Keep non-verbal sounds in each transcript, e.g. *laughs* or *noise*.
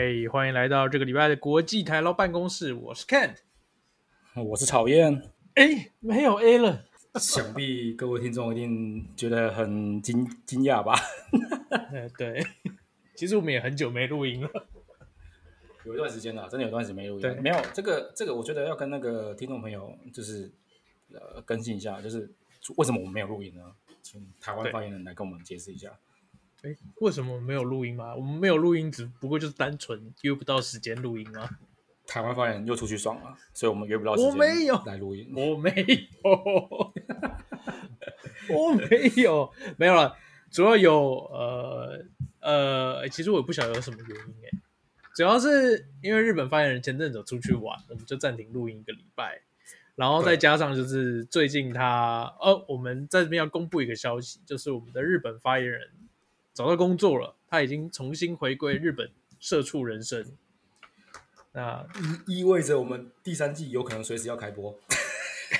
哎，hey, 歡迎來到這個禮拜的國際台勞辦公室。我是 Kent，我是討厭，哎，沒有 A 了，想必各位聽眾一定覺得很驚驚訝吧？ *laughs* 對，對，其實我們也很久沒錄音了，有一段時間了，真的有段時間沒錄音。對，沒有這個這個，這個、我覺得要跟那個聽眾朋友就是呃更新一下，就是為什麼我們沒有錄音呢？請台灣發言人來跟我們解釋一下。哎、欸，為什麼沒有錄音嗎？我們沒有錄音，只不過就是單純約不到時間錄音啊。台灣發言人又出去爽了，所以我們約不到時間來錄音。我沒有，我沒有， *laughs* 我沒有，沒有了。主要有呃呃、欸，其實我也不曉得有什麼原因哎、欸，主要是因為日本發言人前陣子出去玩，我們就暫停錄音一個禮拜，然後再加上就是最近他對哦，我們在這邊要公布一個消息，就是我們的日本發言人。找到工作了，他已經重新回歸日本社畜人生。那意味着我們第三季有可能隨時要開播。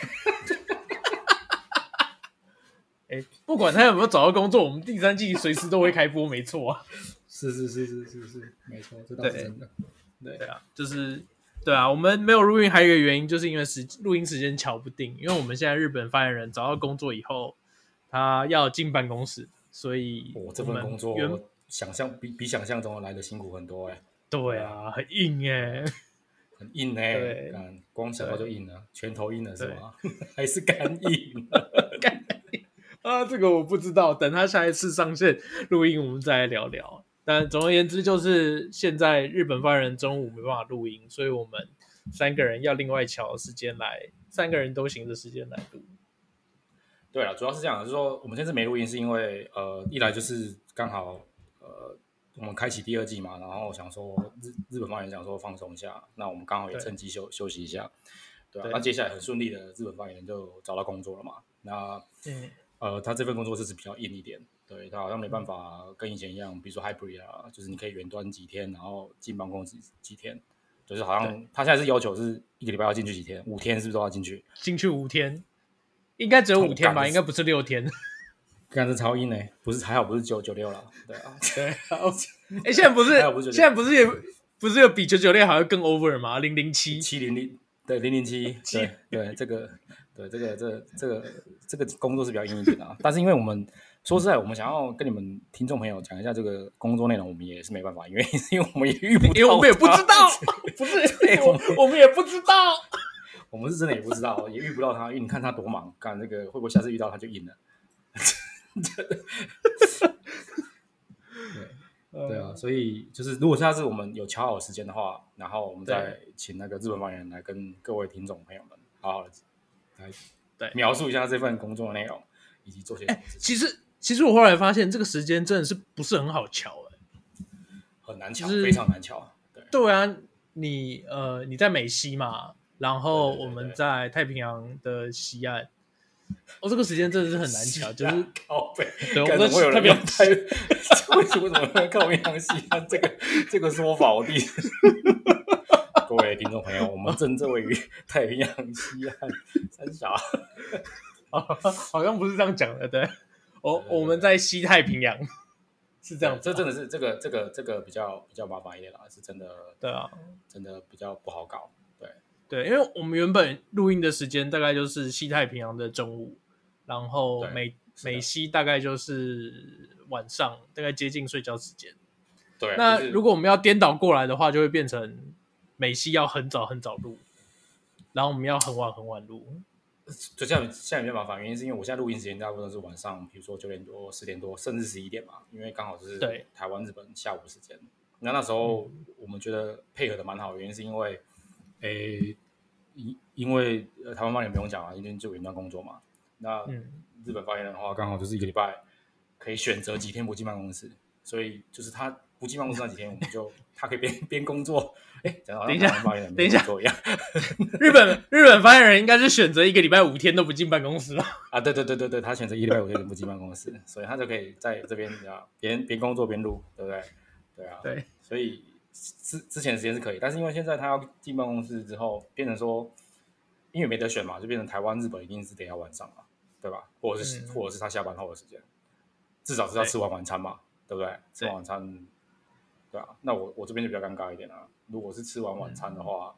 *laughs* *laughs* 欸、不管他有沒有找到工作， *laughs* 我們第三季隨時都會開播，沒錯啊。是是是是是是，沒錯，這倒是真的。對對，對啊，就是對啊，我們沒有錄音還有一個原因，就是因為時錄音時間喬不定，因為我們現在日本發言人找到工作以後，他要進辦公室。所以，我、哦、這份工作，原我想象比比想象中來的辛苦很多哎、欸。對啊，很硬哎、欸， *laughs* 很硬哎、欸，對光手就硬了，對拳頭硬了是嗎？對 *laughs* 還是肝硬, *laughs* 敢硬？肝 *laughs* 硬啊，這個我不知道。等他下一次上線錄音，我們再來聊聊。但總而言之，就是現在日本發言人中午沒辦法錄音，所以我們三個人要另外找時間來，三個人都行的時間來錄。對了，主要是這樣，就是說我們現在沒錄音，是因為呃，一來就是剛好呃，我們開啟第二季嘛，然後想說日日本發言人想說放鬆一下，那我們剛好也趁機休對休息一下，對，、啊、對，那接下來很順利的，日本發言人就找到工作了嘛。那、嗯、呃，他這份工作就是比較硬一點，對，他好像沒辦法、嗯、跟以前一樣，比如說 hybrid 就是你可以遠端幾天，然後進辦公室幾天，就是好像對他現在是要求是一個禮拜要進去幾天，五天是不是都要進去？進去五天。應該只有五天吧，應該不是六天。感是超硬，哎、欸，不是還好，不是九九六了。對啊，對啊。哎、 *laughs* 欸，現在不是，不是 6, 現在不是也，也對不是有比九九六還要更 over 嗎？零零七七零零，對，零零七七。對，這個，對這個，這個、這個，這個工作是比較硬一點的、啊。 *laughs* 但是，因為我們說實在，我們想要跟你們聽眾朋友講一下這個工作內容，我們也是沒辦法，因為因為我們也遇不到、欸，我們也不知道， *laughs* 不是，我、 *laughs* 欸、我們也不知道。我們是真的也不知道， *laughs* 也遇不到他，因為你看他多忙。幹，那個會不會下次遇到他就贏了 *laughs* 對。對啊，嗯、所以就是如果下次我們有敲好的時間的話，然後我們再請那個日本發言人來跟各位聽眾朋友們好好的來對描述一下這份工作的內容以及做些哎、欸，其實其實我後來發現這個時間真的是不是很好敲哎、欸，很難敲，實非常難敲。對對啊，你呃你在美西嘛。然後我們在太平洋的西岸，哦，這個時間真的是很難講，就是靠北。對，我有是太平洋西，為什麼靠太平洋西岸？這個這個說法我第一次。各位聽眾朋友，我們正位於太平洋西岸三峽哈，好像不是這樣講的。對，我我們在西太平洋是這樣，這真的是這個這個這個比較比較麻煩一點了，是真的，對啊，真的比較不好搞。對，因為我們原本錄音的時間大概就是西太平洋的中午，然後美美西大概就是晚上，大概接近睡覺時間。對、啊，那如果我們要顛倒過來的話，就會變成美西要很早很早錄，然後我們要很晚很晚錄。就這樣，這樣比較麻煩。原因是因為我現在錄音時間大部分都是晚上，比如說九點多、十點多，甚至十一點嘛，因為剛好就是對台灣、對日本下午時間。那那時候我們覺得配合的蠻好的，原因是因為。誒，因因為台灣發言人不用講啊，因為就雲端工作嘛。那日本發言人的話，剛好就是一個禮拜可以選擇幾天不進辦公室，所以就是他不進辦公室那幾天，我們就 *laughs* 他可以邊邊工作。誒、欸，等一下，等一下，等一下，等一下，日本日本發言人應該是選擇一個禮拜五天都不進辦公室吧啊！啊，對對對對對，他選擇一禮拜五天都不進辦公室，所以他就可以在這邊邊邊工作邊錄，對不對？對啊，對，所以。之之前的時間是可以，但是因為現在他要進辦公室之後，變成說，因為沒得選嘛，就變成台灣、日本一定是得要晚上嘛，對吧？或者是、嗯、或者是他下班後的時間，至少是要吃完晚餐嘛，欸、對不對？吃完晚餐，對，對啊，那我我這邊就比較尷尬一點啊。如果是吃完晚餐的話，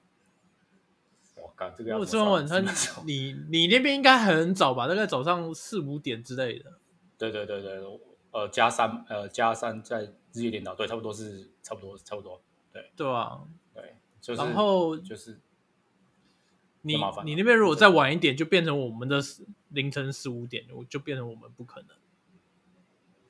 我靠、嗯，這個要我吃完晚餐，你你那邊應該很早吧？大、那、概、個、早上四五點之類的。對對對對，呃，加三呃加三在日夜顛倒，對，差不多是差不多差不多。對對啊，對，就是、然後就是你你那邊如果再晚一點，對就變成我們的凌晨四五點，我就變成我們不可能。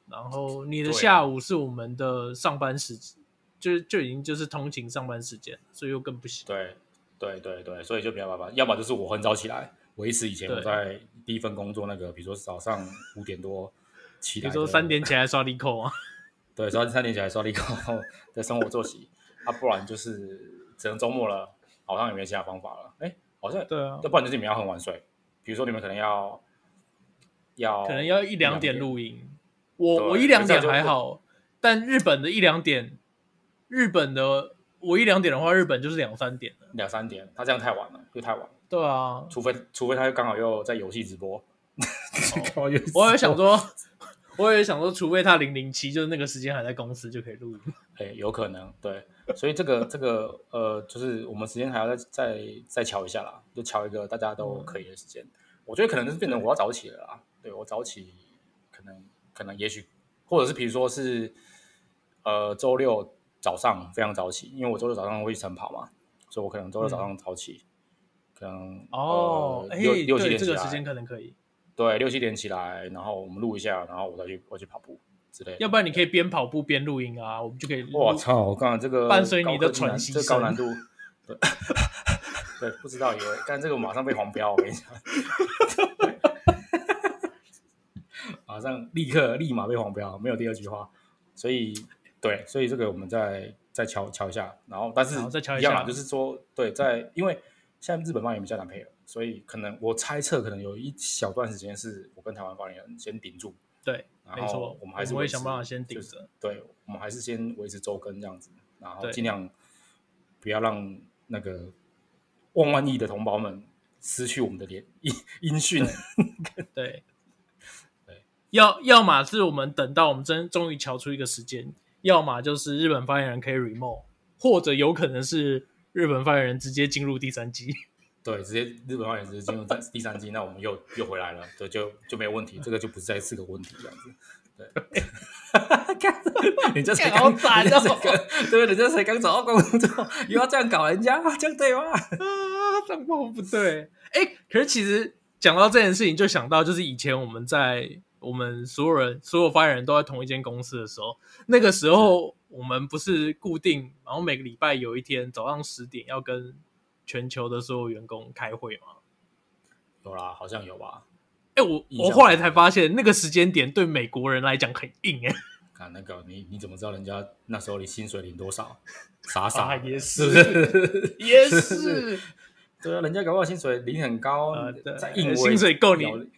然後你的下午是我們的上班時間，啊、就就已經就是通勤上班時間，所以又更不行。對對對對，所以就沒辦法，要麼就是我很早起來維持以前我在第一份工作那個，對比如說早上五點多起來，比如說三點起來刷力扣啊？對，刷三點起來刷力扣的生活作息。 *laughs* 啊，不然就是只能周末了，好像也沒其他方法了。哎、欸，好像、哦、對啊，要不然就是你們要很晚睡，比如說你們可能要要可能要一兩點錄音。我對我一兩點還好，但日本的一兩點，日本的我一兩點的話，日本就是兩三點了兩三點，他、啊、這樣太晚了，就太晚了。對啊，除非除非他又剛好又在遊戲直播，我有想說。 *laughs* 我也想說，除非他零零七，就是那個時間還在公司就可以錄音、欸。有可能，對，所以這個這個呃，就是我們時間還要再再再敲一下啦，就敲一個大家都可以的時間。嗯、我覺得可能就是變成我要早起了啦。對,對我早起，可能可能也許，或者是比如說是呃周六早上非常早起，因為我周六早上會去晨跑嘛，所以我可能周六早上早起，嗯、可能哦，哎、呃，六、六七點、欸，這個時間可能可以。對，六七點起來，然後我們錄一下，然後我再去，我再去跑步之類。要不然你可以邊跑步邊錄音啊，我們就可以。哇操我操！我剛剛這個伴隨你的喘息這個高難度。對， *laughs* 對，對不知道以為，但這個馬上被黃標，我跟你講， *laughs* 馬上立刻立馬被黃標，沒有第二句話。所以對，所以這個我們再再敲敲一下，然後但是、嗯、一，一樣，就是說對，在因為現在日本方也比較難配了。所以可能我猜測，可能有一小段時間是我跟台灣發言人先頂住，對，沒錯，我們還是我們會想辦法先頂着，對，我們還是先維持週更這樣子，然後盡量不要讓那個萬萬億的同胞們失去我們的聯對音音訊、欸，對，對，對要要麼是我們等到我們真終於喬出一個時間，要麼就是日本發言人可以 remote，或者有可能是日本發言人直接進入第三季。對，直接日本話也是進入在第三季，那我們又又回來了，對，就就沒有問題，這個就不再是個問題，這樣子，對。 *laughs* 你這才好慘哦？對不對？你這才剛找到工作，又要這樣搞人家，啊、這樣對嗎？啊，這不不對。哎、欸，可是其實講到這件事情，就想到就是以前我們在我們所有人所有發言人都在同一間公司的時候，那個時候我們不是固定，然後每個禮拜有一天早上十點要跟。全球的所有員工開會嗎？有啦，好像有吧。哎、欸，我我後來才發現，那個時間點對美國人來講很硬哎、欸。看那個，你你怎麼知道人家那時候你薪水領多少？傻傻也是、啊，也是。對啊，人家搞不好薪水領很高，再、呃、硬，硬薪水夠你。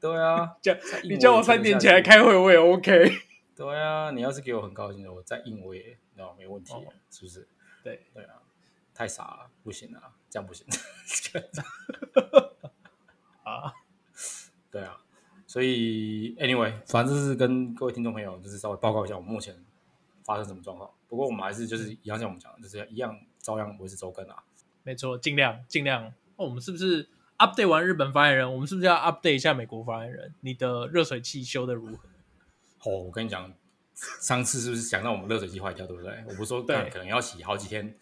對啊， *laughs* 叫你叫我三點起來開會我也 OK。對啊，你要是給我很高的薪的，我再硬我也那沒問題，哦、是不是？對對啊。太傻了，不行了，啊，這樣不行。啊， *laughs* 對啊，所以 anyway，反正就是跟各位聽眾朋友就是稍微報告一下我們目前發生什麼狀況。不過我們還是就是一樣像我們講的，就是一樣照樣不會是週更啊。沒錯，盡量盡量。那，哦、我們是不是 update 完日本發言人？我們是不是要 update 一下美國發言人？你的熱水器修得如何？哦，我跟你講，上次是不是想讓我們熱水器壞掉，對不對？我不是說可能要洗好幾天。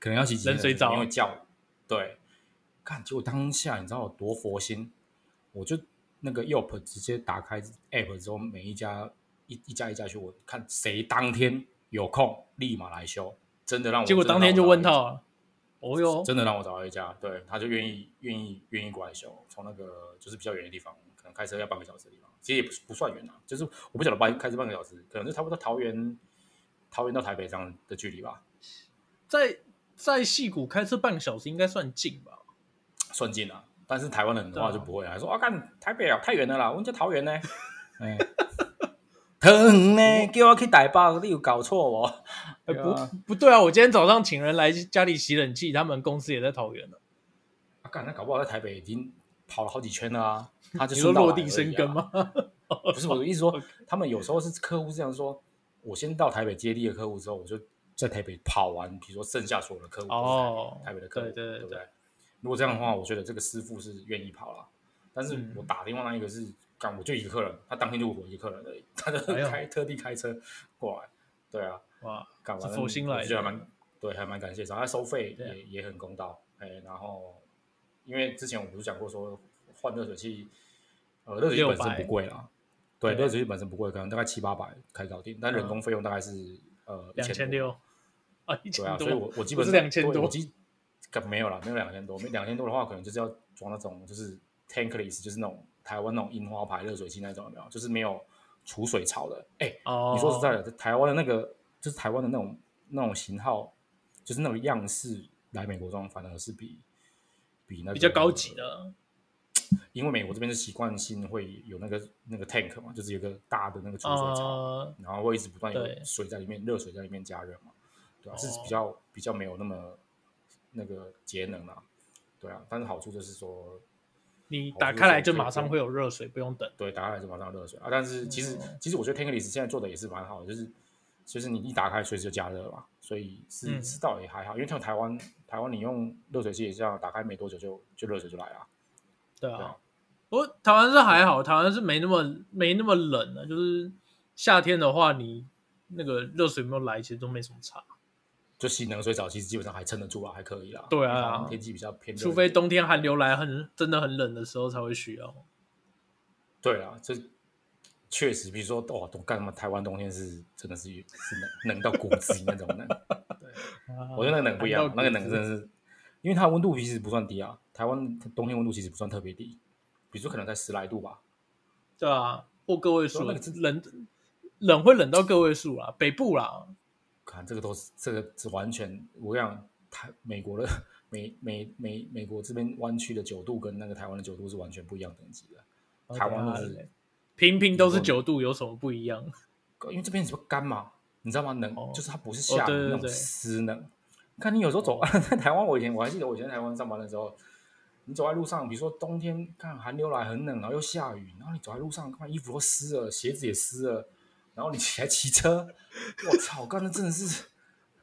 可能要洗冷水澡，因為叫，對，看結果當下，你知道我多佛心，我就那個 Yelp 直接打開 App 之後，每一家一一家一家去，我看誰當天有空，立馬來修，真的讓我結果當天就問到了，哦喲，真的讓我找到一家，哦呦，對，他就願意願意願意過來修，從那個就是比較遠的地方，可能開車要半個小時的地方，其實也不是不算遠啊，就是我不曉得半開車半個小時，可能就差不多桃園，桃園到台北這樣的距離吧，在。在矽谷開車半個小時應該算近吧？算近啊，但是台灣人的話就不會、啊，對還說啊，幹台北啊太遠了啦，我們家桃園呢？哎， *laughs* 疼呢？叫我去台北你有搞錯哦？吧不不對啊，我今天早上請人來家裡洗冷氣，他們公司也在桃園了。啊，那搞不好在台北已經跑了好幾圈了啊？他就、啊、說落地生根嗎？ *laughs* 不是，不是 *laughs* 我意思說，他們有時候是客戶是這樣說，我先到台北接地的客戶之後，我就。在台北跑完，比如說剩下所有的客戶，台北的客戶。對對對，如果這樣的話，我覺得這個師傅是願意跑了。但是我打電話那一個是剛，我就一個客人，他當天就我一個客人而已，他就開特地開車過來。對啊，哇，趕完佛心來。我覺得還蠻對，還蠻感謝。然後收費也也很公道。哎，然後因為之前我不是講過說換熱水器，呃，熱水器本身不貴啊。對，熱水器本身不貴，可能大概七八百可以搞定，但人工費用大概是呃，兩千六。啊，一千多、對啊、所以我，我我基本上，我基，沒有了，沒有兩千多，沒兩千多的話，可能就是要裝那種，就是 tankless，就是那種台灣那種櫻花牌熱水器那種，有沒有？就是沒有儲水槽的。哎、欸，oh. 你說實在的，台灣的那個，就是台灣的那種那種型號，就是那種樣式，來美國中反而是比比那，個那個、那個、比較高級的，因為美國這邊是習慣性會有那個那個 tank 嘛，就是有個大的那個儲水槽，oh. 然後會一直不斷有水在裡面，熱對水在裡面加熱嘛。是比較比較沒有那麼那個節能嘛、啊？對啊，但是好處就是說，你打開來就馬上會有熱水，不用等。對，打開來就馬上熱水啊！但是其實、嗯、其實我覺得 Tankless 現在做的也是蠻好的，就是其實、就是、你一打開，隨時就加熱嘛。所以是、嗯、是倒也還好，因為像台灣台灣你用熱水器也是這樣，打開沒多久就就熱水就來啊。對啊，我、啊、台灣是還好，對台灣是沒那麼沒那麼冷啊。就是夏天的話，你那個熱水有沒有來，其實都沒什麼差。就洗冷水澡，其實基本上還撐得住啊，還可以啊，啊。對啊，天氣比較偏。除非冬天寒流來很，真的很冷的時候才會需要。對啊，這確實，比如說，哦，我幹什麼？台灣冬天是真的是是冷 *laughs* 冷到骨子裡那種冷。對，啊、我覺得那個冷不一樣，那個冷真的是，因為它溫度其實不算低啊。台灣冬天溫度其實不算特別低，比如說可能在十來度吧。對啊，或、個位數，那個冷，冷會冷到個位數啊，嗯、北部啦。啊、這個都是，這個是完全我跟你講，台美國的美美美美國這邊灣區的九度跟那個台灣的九度是完全不一樣的等級的。哦啊、台灣都是平平都是九度，有什麼不一樣？因為這邊比較乾嘛，你知道嗎？冷、哦、就是它不是下雨，哦、對對對，那濕冷。看你有時候走在台灣，我以前我還記得我以前在台灣上班的時候，你走在路上，比如說冬天，看寒流來很冷，然後又下雨，然後你走在路上，看衣服都濕了，鞋子也濕了。嗯然後你起來騎車，我操！剛才真的是，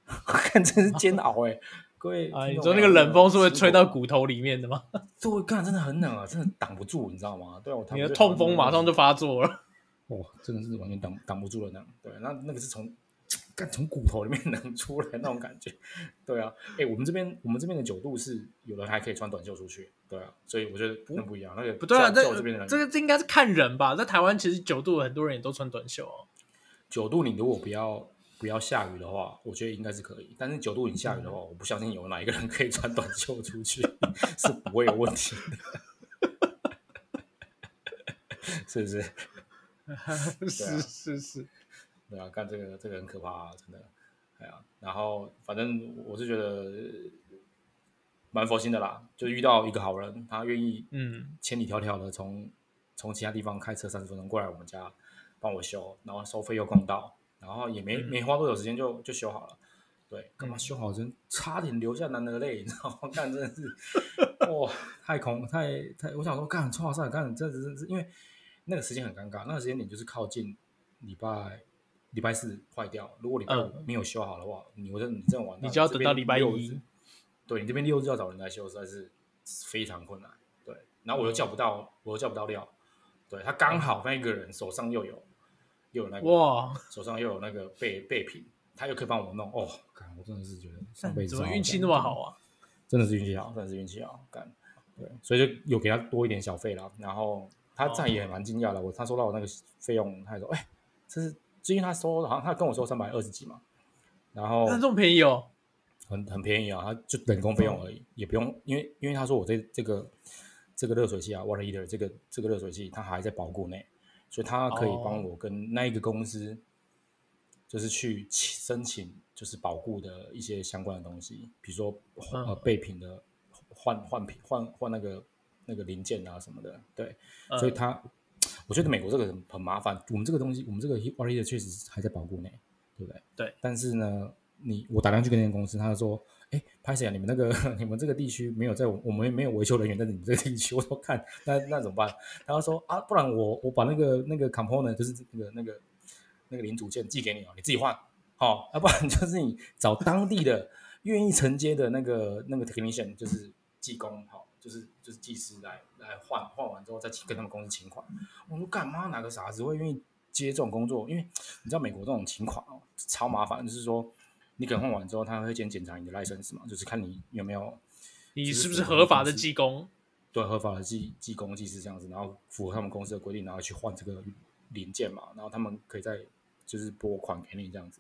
我看真的是煎熬哎。啊、各位、啊，你說那個冷風是不是吹到骨頭裡面的嗎？對剛才真的很冷啊，真的擋不住，你知道嗎？對啊，我你的痛風馬上就發作了。哇、哦，真的是完全擋擋不住了那對、啊，那那個是從從骨頭裡面能出來那種感覺。對啊，哎，我們這邊我們這邊的九度是有人還可以穿短袖出去。對啊，所以我覺得很不一樣。那個不對啊，在叫這，這邊的這個這應該是看人吧。在台灣其實九度很多人也都穿短袖哦。九度，你如果不要不要下雨的話，我覺得應該是可以。但是九度你下雨的話，嗯、我不相信有哪一個人可以穿短袖出去， *laughs* 是不會有問題的， *laughs* 是不是？ *laughs* 是，是是是，對啊，幹這個這個很可怕、啊，真的。哎呀、啊，然後反正我是覺得蠻佛心的啦，就遇到一個好人，他願意嗯千里迢迢的從、嗯、從其他地方開車三十分鐘過來我們家。幫我修，然後收費又公道，然後也沒嗯嗯沒花多久時間就就修好了。對，幹、嗯、嘛修好真差點流下男的淚，你知道嗎？幹真的是哇、 *laughs* 哦，太空，太太！我想說幹，衝老師幹，真的真的是因為那個時間很尷尬，那個時間點就是靠近禮拜禮拜四壞掉。如果禮拜五沒有修好的話，呃、你我就你真你這的你就要等到禮拜一，對你這邊六日要找人來修實在是非常困難。對，然後我又叫不到，我又叫不到料。對他剛好那一個人手上又有。又有那個哇，手上又有那個備備品，他又可以幫我弄哦。幹，我真的是覺得上輩子怎麼運氣那麼好啊？真的是運氣好，真的是運氣好。幹，對，所以就有給他多一點小費啦。然後他這樣也很蠻驚訝的，我他收到我那個費用，他還說哎、欸，這是最近他收好像他跟我收三百二十幾嘛。然後但這麼便宜哦？很很便宜啊，他就等工費用而已，也不用因為因為他說我這這個這個熱水器啊，water heater 的這個這個熱水器，它還在保固內。所以他可以幫我跟那一個公司，oh. 就是去申請，就是保固的一些相關的東西，比如說呃備品的換換品換換那個那個零件啊，什麼的，對。所以他，uh. 我覺得美國這個很很麻煩，我們這個東西，我們這個 heater 確實還在保固內，對不對？對。但是呢，你我打電話去跟那間公司，他說，派誰、欸、啊？你們那個你們這個地區沒有在，我們沒有維修人員在你們這個地區。我說看，那那怎麼辦？他說啊，不然我我把那個那個 component 就是那個那個那個零組件寄給你哦，你自己換。好，要、啊、不然就是你找當地的願意承接的那個那個 technician 就是技工，好，就是就是技師來來換，換完之後再跟他們公司請款。我說幹嘛哪個啥子會願意接這種工作？因為你知道美國這種情況哦，超麻煩，就是說。你更換完之後，他會先檢查你的 license 嘛，就是看你有沒有，就是、有你是不是合法的技工，對，合法的技技工技師這樣子，然後符合他們公司的規定，然後去換這個零件嘛，然後他們可以再就是撥款給你這樣子。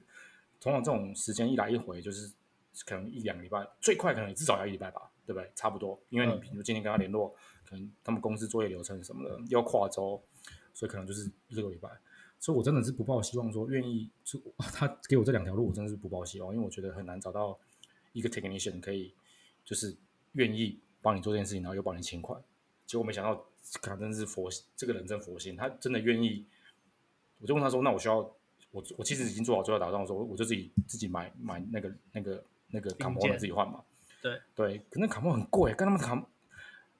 通常這種時間一來一回，就是可能一兩個禮拜，最快可能至少要一禮拜吧，對不對？差不多，因為你比如今天跟他聯絡，嗯、可能他們公司作業流程什麼的要跨週，所以可能就是一個禮拜。所以我真的是不抱希望，說願意，就、啊，他給我這兩條路，我真的是不抱希望，因為我覺得很難找到一個 technician 可以就是願意幫你做這件事情，然後又幫你請款。結果我沒想到，可能真是佛，這個人真佛心，他真的願意。我就問他說：“那我需要，我我其實已經做好最後打算，我說我就自己自己買買那個那個那個卡摩的自己換嘛。對”對對，可能卡摩很貴，跟他們卡，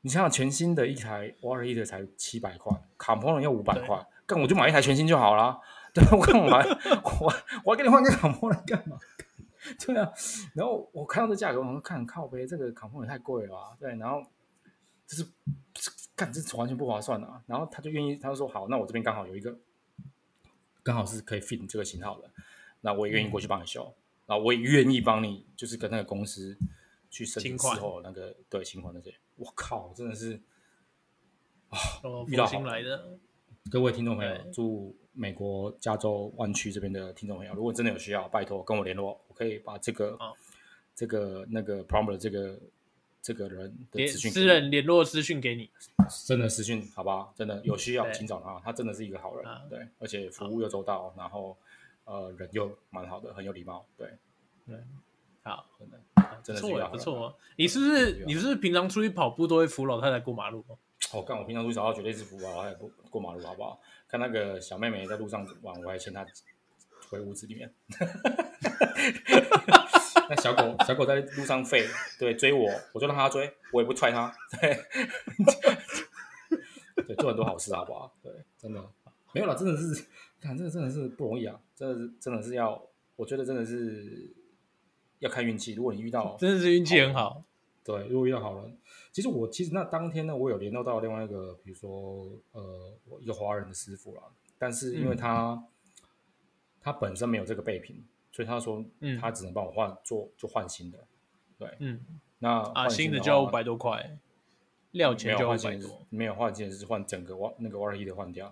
你想想全新的一台 o r 爾、e、的才七百塊，卡摩的要五百塊。幹，我就買一台全新就好了，對，我幹嘛我我還給你換個卡膜來幹嘛？ *laughs* 對啊，然後我看到這價格我看，我說看靠北這個卡膜也太貴了吧，對，然後就是幹這完全不划算啊。然後他就願意，他就說好，那我這邊剛好有一個，剛好是可以 fit 這個型號的，那我也願意過去幫你修，然後我也願意幫你、嗯、你就是跟那個公司去申請時候那個，款對，勤快那些。我靠，真的是、哦哦、遇到好來的。各位聽眾朋友，對住美國加州灣區這邊的聽眾朋友，如果真的有需要，拜託跟我聯絡，我可以把這個、哦、這個那個 plumber 這個這個人的資訊，私人聯絡資訊給你。啊、真的資訊，好吧，真的有需要對請找他，他真的是一個好人，啊、對，而且服務又周到，然後呃，人又蠻好的，很有禮貌，對對、嗯，好，真的，真的是不錯不錯、哦。你是不是你是不是平常出去跑步都會扶老太太過馬路？好看、哦、我平常路上要絕對是福報，我還不過馬路好不好？看那個小妹妹在路上玩，我還牽她回屋子裡面。 *laughs* 那小狗小狗在路上吠，對，追我，我就讓它追，我也不踹它。對， *laughs* 對，做很多好事好不好？對，真的沒有了，真的是看，這個真的是不容易啊，真的是真的是要，我覺得真的是要看運氣。如果你遇到，真的是運氣很好。對，如果遇到好人。其實我其實那當天呢，我有聯絡到另外一個，比如說呃，我一個華人的師傅啦，但是因為他、嗯、他本身沒有這個備品，所以他說，嗯，他只能幫我換、嗯、做就換新的。對，嗯，那新啊新的就要五百多塊，料錢就要換新的，沒有換件，就是換整個那個 Y 一、e、的換掉，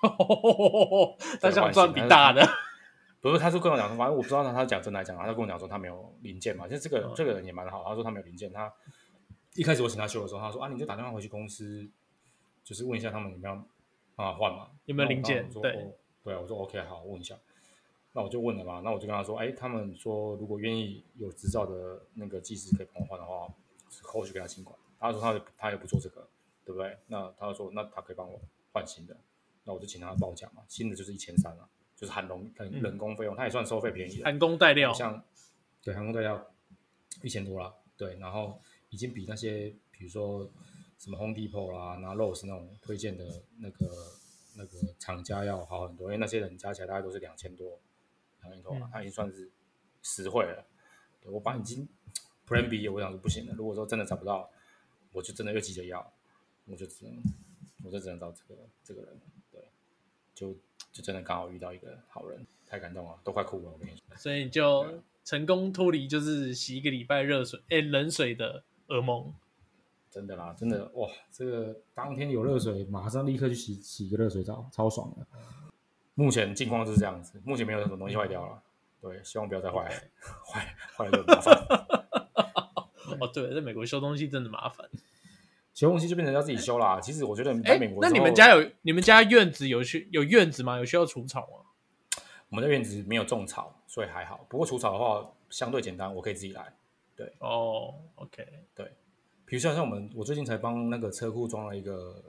哈哈哈，但是還賺比大的。 *laughs* 不是，他就跟我講說，反正我不知道他他講真的來講他跟我講說他沒有零件嘛，就這個這個人也蠻好，他說他沒有零件。他一開始我請他修的時候，他說啊，你就打電話回去公司，就是問一下他們怎麼樣啊換嘛，有沒有零件？我說對，我對啊，我說 OK，好，我問一下。那我就問了嘛，那我就跟他說，哎、欸，他們說如果願意有執照的那個技師可以幫我換的話，是後續給他新款。他說他他也不做這個，對不對？那他說那他可以幫我換新的，那我就請他報價嘛，新的就是一千三了。就是含人人工費用，嗯、它也算收費便宜了。含工帶料。像對，含工帶料一千多了，對，然後已經比那些比如說什麼 Home Depot 啦、啊、那 Rose 那種推薦的那個那個廠家要好很多，因為那些人加起來大概都是兩千多，兩千多，它已經算是實惠了。對我把你已經 plan B，我想說不行了。嗯、如果說真的找不到，我就真的又急着要，我就只能我就只能找這個這個人，對，就。就真的剛好遇到一個好人，太感動了，都快哭了。我跟你說，所以你就了成功脫離，就是洗一個禮拜熱水、哎、欸、冷水的噩夢。真的啦，真的哇！這個當天有熱水，馬上立刻去洗洗個熱水澡，超爽的。嗯、目前境況就是這樣子，目前沒有什麼東西壞掉了。 *laughs* 對，希望不要再壞，壞壞了就麻煩。 *laughs* 對哦，對了，在美國修東西真的麻煩。修東西就變成要自己修啦，啊，欸。其實我覺得，美國、欸，那你們家有你們家院子有需有院子嗎？有需要除草嗎？我們的院子沒有種草，所以還好。不過除草的話相對簡單，我可以自己來。對哦，OK，對。比如說像我們，我最近才幫那個車庫裝了一個，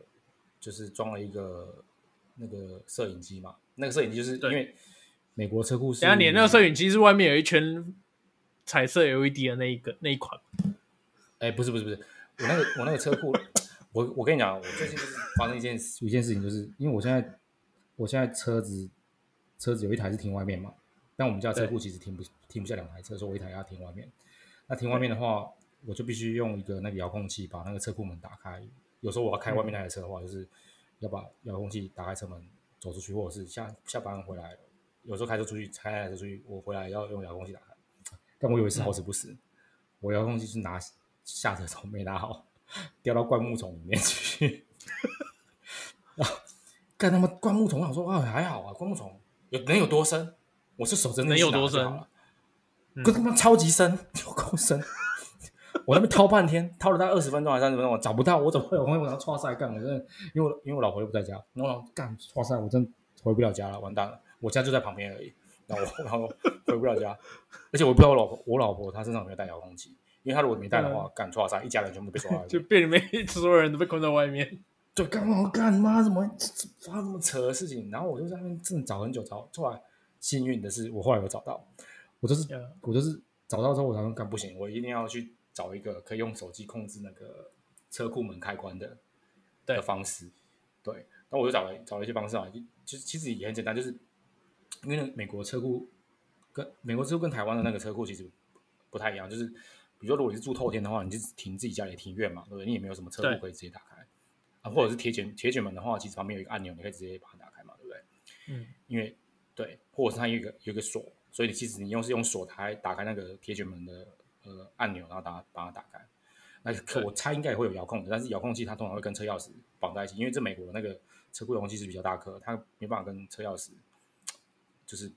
就是裝了一個那個攝影機嘛。那個攝影機就是因為美國車庫，是。等下你那個攝影機是外面有一圈彩色 LED 的那一個那一款嗎？哎、欸，不是不是不是。我那個我那個車庫，我我跟你講，我最近發生一件 *laughs* 一件事情，就是因為我現在我現在車子車子有一台是停外面嘛，但我們家車庫其實停不對停不下兩台車，所以我一台要停外面。那停外面的話，嗯、我就必須用一個那個遙控器把那個車庫門打開。有時候我要開外面那台車的話，就是要把遙控器打開車門走出去，或者是下下班回來，有時候開車出去開台車出去，我回來要用遙控器打開。但我有一次好死不死，嗯、我遙控器是拿。下車時候沒拿好，掉到灌木叢裡面去。幹、 *laughs* 啊、他媽灌木叢，我想說哇、哎，還好啊，灌木叢有能有多深？我是手真的能有多深？幹他媽超級深，有夠、嗯、夠深！ *laughs* 我那邊掏半天，掏了大概二十分鐘還是三十分鐘，我找不到。我怎麼會有空，我想出來曬乾了，真的，因為我因為我老婆又不在家，然後幹，出來曬，我真回不了家了，完蛋了，我家就在旁邊而已。然後然後回不了家， *laughs* 而且我不知道我老婆我老婆她身上有沒有帶遙控器。因為他如果沒帶的話，趕出好上一家人全部被抓， *laughs* 就被裡面所有人都被困在外面。對，幹嘛幹嘛怎麼發生這麼扯的事情？然後我就在那邊真的找很久，找出來。幸運的是，我後來有找到。我就是、嗯、我就是找到之後，我才能幹不行，我一定要去找一個可以用手機控制那個車庫門開關的對的方式。對，那我就找了找了一些方式啊，就其實其實也很簡單，就是因為美國車庫跟美國車庫跟台灣的那個車庫其實不太一樣，就是。比如說，如果你是住透天的話，你就停自己家裡的庭院嘛，對不對？你也沒有什麼車庫可以直接打開對啊，或者是鐵捲鐵捲門的話，其實旁邊有一個按鈕，你可以直接把它打開嘛，對不對？嗯，因為對，或者是它有一個有一個鎖，所以你其實你用是用鎖台打開那個鐵捲門的呃按鈕，然後把它把它打開。那我猜應該也會有遙控的，但是遙控器它通常會跟車鑰匙綁在一起，因為這美國的那個車庫遙控器是比較大顆，它沒辦法跟車鑰匙就是。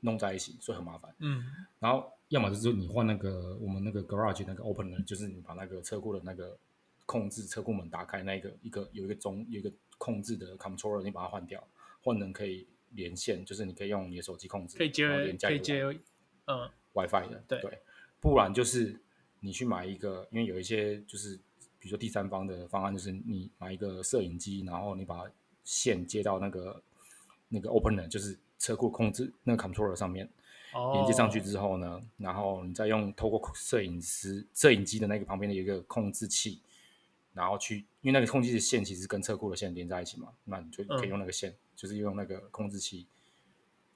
弄在一起，所以很麻煩。嗯，然後要麼就是你換那個我們那個 garage 那個 opener，就是你把那個車庫的那個控制車庫門打開那個一個，一個有一個中有一個控制的 controller，你把它換掉，換人可以連線，就是你可以用你的手機控制，可以接，連接可以接，嗯，wifi 的，對。不然就是你去買一個，因為有一些就是比如說第三方的方案，就是你買一個攝影機，然後你把線接到那個那個 opener，就是。車庫控制那個 controller 上面、oh. 連接上去之後呢，然後你再用透過攝影師攝影機的那個旁邊的有一個控制器，然後去，因為那個控制器的線其實跟車庫的線連在一起嘛，那你就可以用那個線，嗯、就是用那個控制器，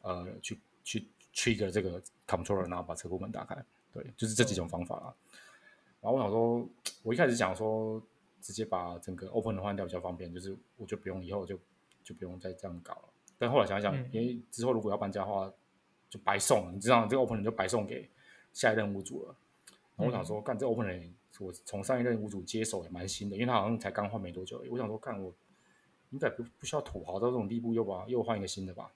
呃，去去 trigger 這個 controller，然後把車庫門打開。對，就是這幾種方法了。嗯、然後我想說，我一開始想說直接把整個 open 的換掉比較方便，就是我就不用以後就就不用再這樣搞了。但後來想想，嗯、因為之後如果要搬家的話，就白送了，你知道這個 opener 就白送給下一任屋主了。我想說，幹、嗯、這 opener 我從上一任屋主接手也蠻新的，因為他好像才剛換沒多久。我想說，幹我應該不不需要土豪到這種地步又，又把又換一個新的吧。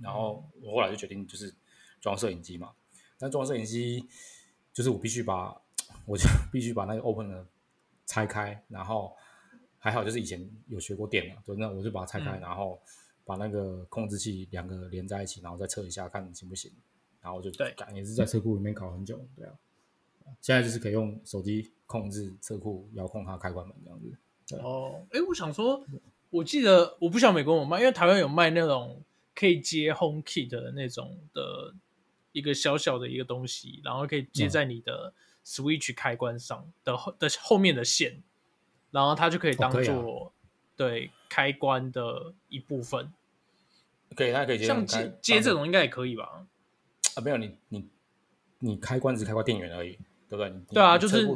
然後我後來就決定就是裝攝影機嘛。但裝攝影機就是我必須把我就必須把那個 opener 拆開，然後還好就是以前有學過電嘛，就那我就把它拆開，嗯、然後。把那個控制器兩個連在一起，然後再測一下看行不行，然後就對，也是在車庫裡面搞很久，對，對啊。現在就是可以用手機控制車庫，遙控它開關門這樣子。對哦，哎，我想說，對我記得我不曉得美國有賣，因為台灣有賣那種可以接 HomeKit 的那種的一個小小的一個東西，然後可以接在你的 Switch 開關上的後、的、嗯、後面的線，然後它就可以當做、okay 啊。對開關的一部分，可以，它可以接像，接接這種應該也可以吧？啊，沒有，你你你開關只開關電源而已，對不對？對啊，部的就是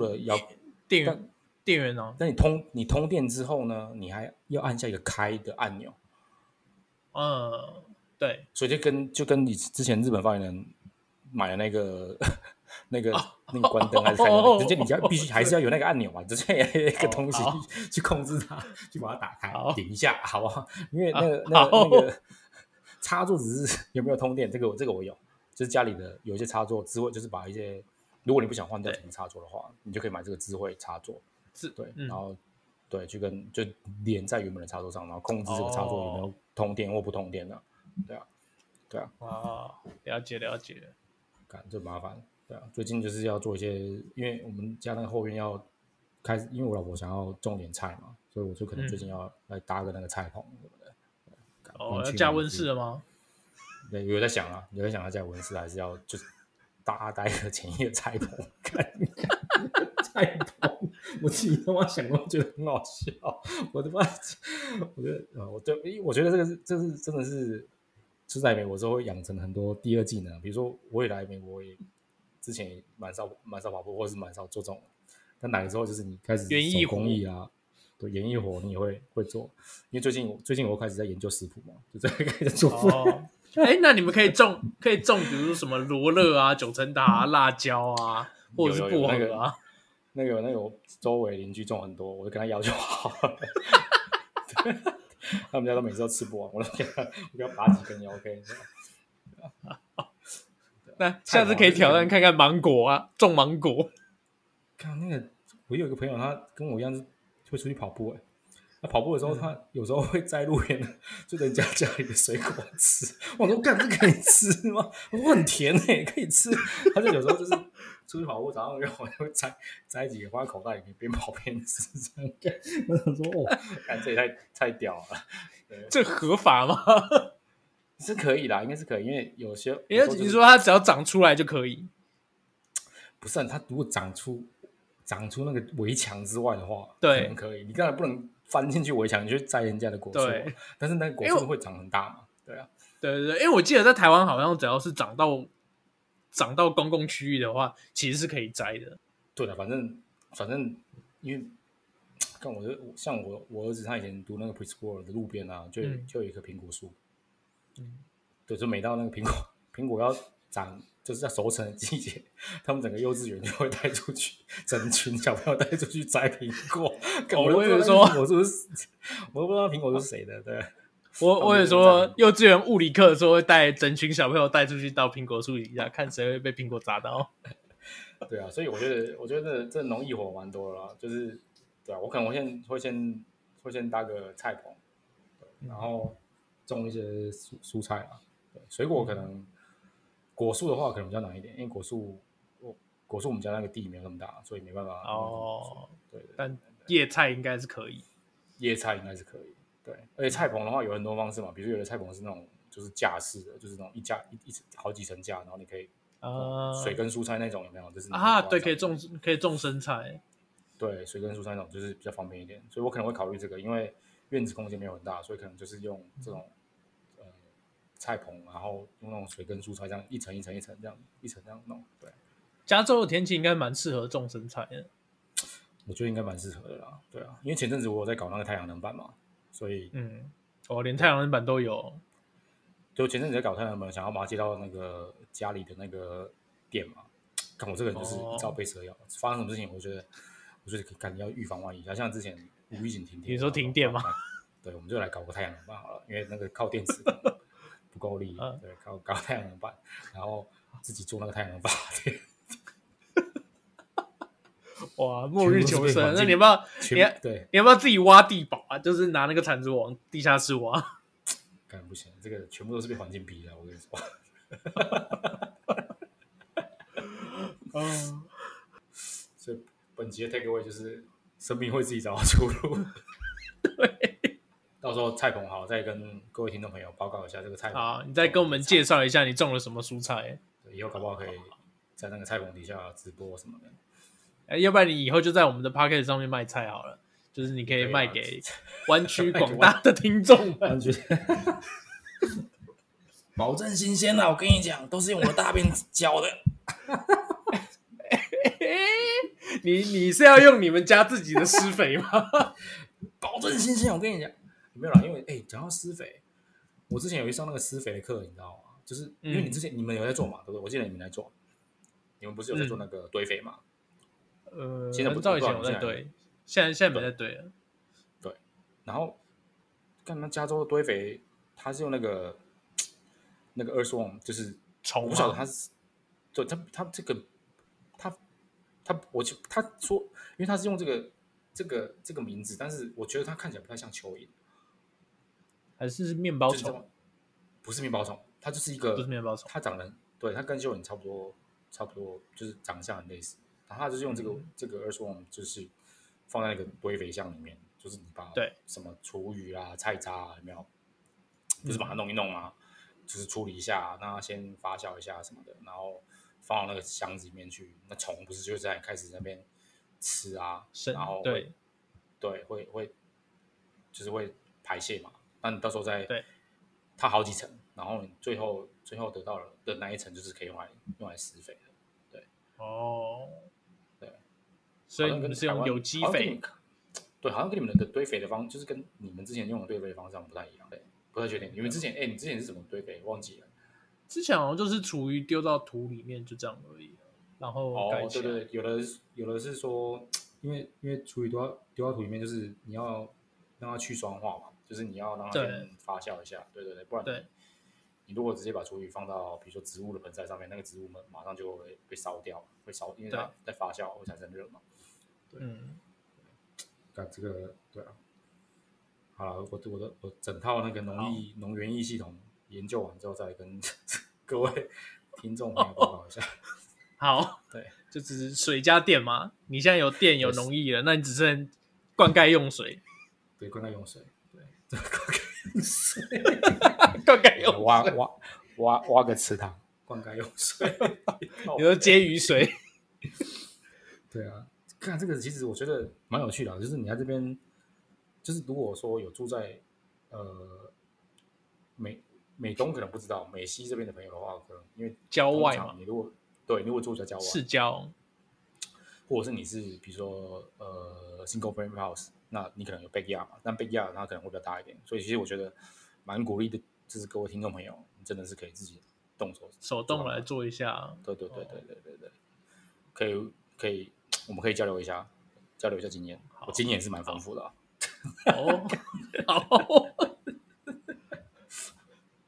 電源但電源哦、啊，但你通你通電之後呢，你還要按下一個開的按鈕。嗯，對。所以就跟就跟你之前日本發言人買的那個。 *laughs* 那個那個關燈還是開燈？直接你家必須還是要有那個按鈕嘛、啊對，直接一個東西去控制它，oh, 去把它打開，頂、oh. 一下、oh. 好不好？因為那個那個、oh. 那個插座只是有沒有通電，這個我這個我有，就是家裡的有一些插座智慧，就是把一些如果你不想換掉整個插座的話，對你就可以買這個智慧插座，是對，然後對，就跟就連在原本的插座上，然後控制這個插座有沒有通電或不通電的、啊，對啊，對啊，哦，了解了解，看就麻煩。對啊，最近就是要做一些，因為我們家那個後院要開始，因為我老婆想要種點菜嘛，所以我就可能最近要來搭個那個菜棚什麼的。哦，要加溫室了嗎？對，有在想啊，有在想要加溫室，還是要就是搭搭一個簡易的菜棚？ *laughs* 菜棚，我自己他媽想過覺得很好笑，我他媽，我覺得啊，我、呃、對，我覺得這個是，這是、個、真的是，住在美國之後會養成很多第二技能，比如說我也來美國也。之前蠻少蠻少跑步，或是蠻少做這種。但來之後，就是你開始演手工藝啊，園藝活，對，園藝活你也會會做。因為最近最近我開始在研究食譜嘛，就在開始做。哦，哎、欸，那你們可以種，可以種，比如說什麼羅勒啊、 *laughs* 九層塔啊、辣椒啊，或者是薄荷啊。那個那個有，那個、周圍鄰居種很多，我就跟他要就好了。 *laughs* *laughs* 他們家都每次都吃不完，我都要我要拔幾根 OK *laughs* 那下次可以挑戰看看芒果啊，種芒果。剛剛那個，我有一個朋友，他跟我一樣就會出去跑步哎、欸。他跑步的時候，嗯、他有時候會摘路邊的，就人家家裡的水果吃。我說：“幹這可以吃嗎？” *laughs* 我說：“很甜、欸、可以吃。” *laughs* 他就有時候就是出去跑步，早上我就會摘摘幾個花，放在口袋裡面，邊跑邊吃。這樣，我想說哦，感這也太，太屌了，這合法嗎？是可以啦，應該是可以，因為有些，因為你說它只要長出來就可以，不是、啊、它如果長出長出那個圍牆之外的話，對，可能可以。你剛才不能翻進去圍牆，你去摘人家的果樹，對但是那個果樹、欸、會長很大嘛，對啊，對對對。因為我記得在台灣，好像只要是長到長到公共區域的話，其實是可以摘的。對的、啊，反正反正因為看我就像我我兒子，他以前讀那個 preschool 的路邊啊，就、嗯、就有一棵蘋果樹。嗯、對，就每到那個蘋果蘋果要長，就是要熟成的季節，他們整個幼稚園就會帶出去，整群小朋友帶出去摘蘋果。 *laughs* 我也說，我是我都不知道蘋果是誰的。對、啊、我，我，我也說幼稚園物理課的時候會帶整群小朋友帶出去到蘋果樹底下看誰會被蘋果砸到。對啊，所以我覺得，我覺得這農業活蠻多的，就是對啊，我可能我現在會先會先，會先搭個菜棚，然後。嗯種一些蔬蔬菜啊，水果可能果樹的話可能比較難一點，因為果樹果樹我們家那個地沒有那麼大，所以沒辦法。哦，對，對，對，對，但葉菜應該是可以，葉菜應該是可以，對。而且菜棚的話有很多方式嘛，比如有的菜棚是那種就是架式的，就是那種一架一一層好幾層架，然後你可以啊水耕蔬菜那種有沒有？就是有有啊，對，可以種可以種生菜，對，水耕蔬菜那種就是比較方便一點，所以我可能會考慮這個，因為院子空間沒有很大，所以可能就是用這種。菜棚，然後用那種水耕蔬菜，這樣一層一層一層這樣一層這樣弄。加州的天氣應該蠻適合種生菜的，我覺得應該蠻適合的啦。對啊，因為前陣子我有在搞那個太陽能板嘛，所以嗯，哦，連太陽能板都有。就前陣子在搞太陽能，想要把它接到那個家裡的那個電嘛。看我這個人就是一朝被蛇咬，哦、發生什麼事情，我覺得我覺得感覺要預防萬一。像像之前無預警停電，你說、嗯、後停電嘛，對，我們就來搞個太陽能板好了， *laughs* 因為那個靠電池。 *laughs* 夠力，啊、對，搞太陽能板，然後自己做那個太陽能板。哇，末日求生，那你要不要？對你對，你要不要自己挖地堡啊？就是拿那個鏟子往地下室挖、啊？肯定不行，這個全部都是被環境逼的。我跟你說，嗯 *laughs* ，uh. 所以本集的 takeaway 就是，生命會自己找到出路。 *laughs* 到時候菜棚好，再跟各位聽眾朋友報告一下這個菜棚好，好，你再跟我們介紹一下你種了什麼蔬菜。欸。以後搞不好可以在那個菜棚底下直播什麼的。哎、啊，要不然你以後就在我們的 Pocket 上面賣菜好了，就是你可以賣給灣區廣大的聽眾。灣區保證新鮮吶、啊！我跟你講，都是用我的大便澆的。 *laughs* 你你是要用你們家自己的施肥嗎？保證 *laughs* 新鮮，我跟你講。沒有啦，因為哎，講、欸、到施肥，我之前有一上那個施肥的課，你知道嗎？就是因為你之前、嗯、你們有在做嘛，對不對？我記得你們在做，你們不是有在做那個堆肥嘛？呃、嗯，現在不知道、嗯、以前我在堆，現在現在，現在沒在堆了對。對，然後看那加州的堆肥，他是用那個那個 Earthworm，就是嘛我不曉得他是，就他他這個他他，我就他說，因為他是用這個這個這個名字，但是我覺得他看起來不太像蚯蚓。還是麵包蟲？不是麵包蟲，它就是一個。不是麵包蟲。它長得對，它跟蚯蚓差不多，差不多就是長相很類似。然後它就是用這個、嗯、這個 earthworm，就是放在那個堆肥箱裡面，就是你把對什麼廚餘啊、對菜渣啊，有沒有，就是把它弄一弄啊，嗯、就是處理一下，讓它先發酵一下什麼的，然後放到那個箱子裡面去，那蟲不是就在開始在那邊吃啊，是然後對對會會就是會排泄嘛。那你到時候再，對，它好幾層，然後你最後最後得到了的那一層就是可以用來用來施肥的，對，哦，對，所以你們是用有機肥，對，好像跟你們的堆肥的方、就是、堆肥的方就是跟你們之前用的堆肥的方向不太一樣，對，不太確定。嗯、因為之前，哎、欸，你之前是怎麼堆肥？忘記了？之前好像就是廚餘丟到土裡面就這樣而已、啊。然後哦，對對對，有的有的是說，因為因為廚餘都要丟到土裡面，就是你要讓它去酸化嘛。就是你要讓它發酵一下，對對對，對對對，不然你，對你如果直接把廚餘放到比如說植物的盆栽上面，那個植物們馬上就會被燒掉，會燒，因為它在發酵會產生熱嘛。對，那、嗯、這個對啊，好了，我我的我，我整套那個農藝好農園藝系統研究完之後，再跟各位聽眾朋友報告一下。哦、好，對，就只是水加電嗎？你現在有電有農藝了，就是、那你只剩灌溉用水，對，灌溉用水。 *laughs* *laughs* 灌溉用水，灌溉用水，挖挖挖挖個池塘， *laughs* 灌溉用有水， *laughs* 你說接雨水？ *laughs* 對啊，看這個其實我覺得蠻有趣的，就是你來這邊，就是如果說有住在呃美美東可能不知道，美西這邊的朋友的話，可能因為郊外嘛，你如果對，你如果住在郊外市郊，或者是你是比如說呃 single family house。那你可能有 backyard 嘛，但 backyard 它可能會比較大一點，所以其實我覺得蠻鼓勵的，就是各位聽眾朋友，你真的是可以自己動手手動來做一下。對對對對對對對，可以可以，我們可以交流一下，交流一下經驗。我經驗也是蠻豐富的。哦，好。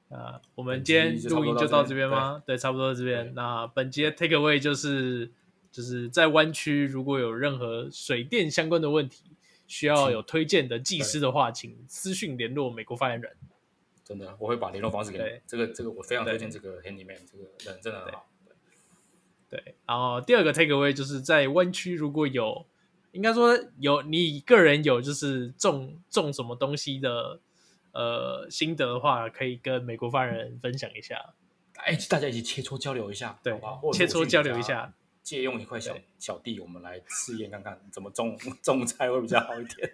那我們今天錄音就到這邊嗎？對，差不多這邊。那本節 take away 就是就是在灣區如果有任何水電相關的問題。需要有推薦的技師的話，請私信聯絡美國發言人。真的，我會把聯絡方式給你對這個。這個我非常推薦這個 Handyman 這個人真的很好，對，對，然後第二個 Takeaway 就是在灣區，如果有應該說有你個人有就是種種什麼東西的呃心得的話，可以跟美國發言人分享一下。哎、欸，大家一起切磋交流一下，對，好不好？切磋交流一下。借用一塊小對小地，我們來試驗看看怎麼種種菜會比較好一點。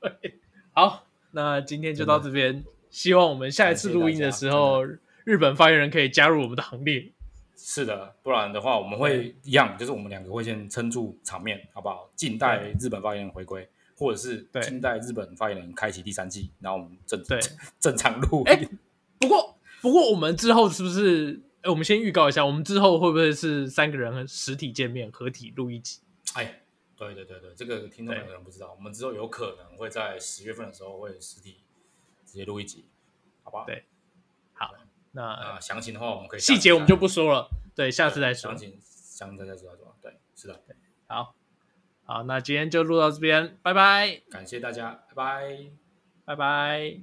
*laughs* 對，好，那今天就到這邊。的希望我們下一次錄音的時候，日本發言人可以加入我們的行列。是的，不然的話我們會一樣，就是我們兩個會先撐住場面，好不好？靜待日本發言人回歸，或者是靜待日本發言人開啟第三季，對然後我們正對正，正常錄音。欸，不過，不過我們之後是不是？ *laughs* 誒，我們先預告一下，我們之後會不會是三個人實體見面合體錄一集？哎，對對對對，這個聽眾可能不知道，對我們之後有可能會在十月份的時候會實體直接錄一集，好不好？對，好，那那詳情的話，我們可以起細節我們就不說了，對，對下次再說。詳情詳細再說再說，對，是的對，好，好，那今天就錄到這邊，拜拜，感謝大家，拜拜，拜拜。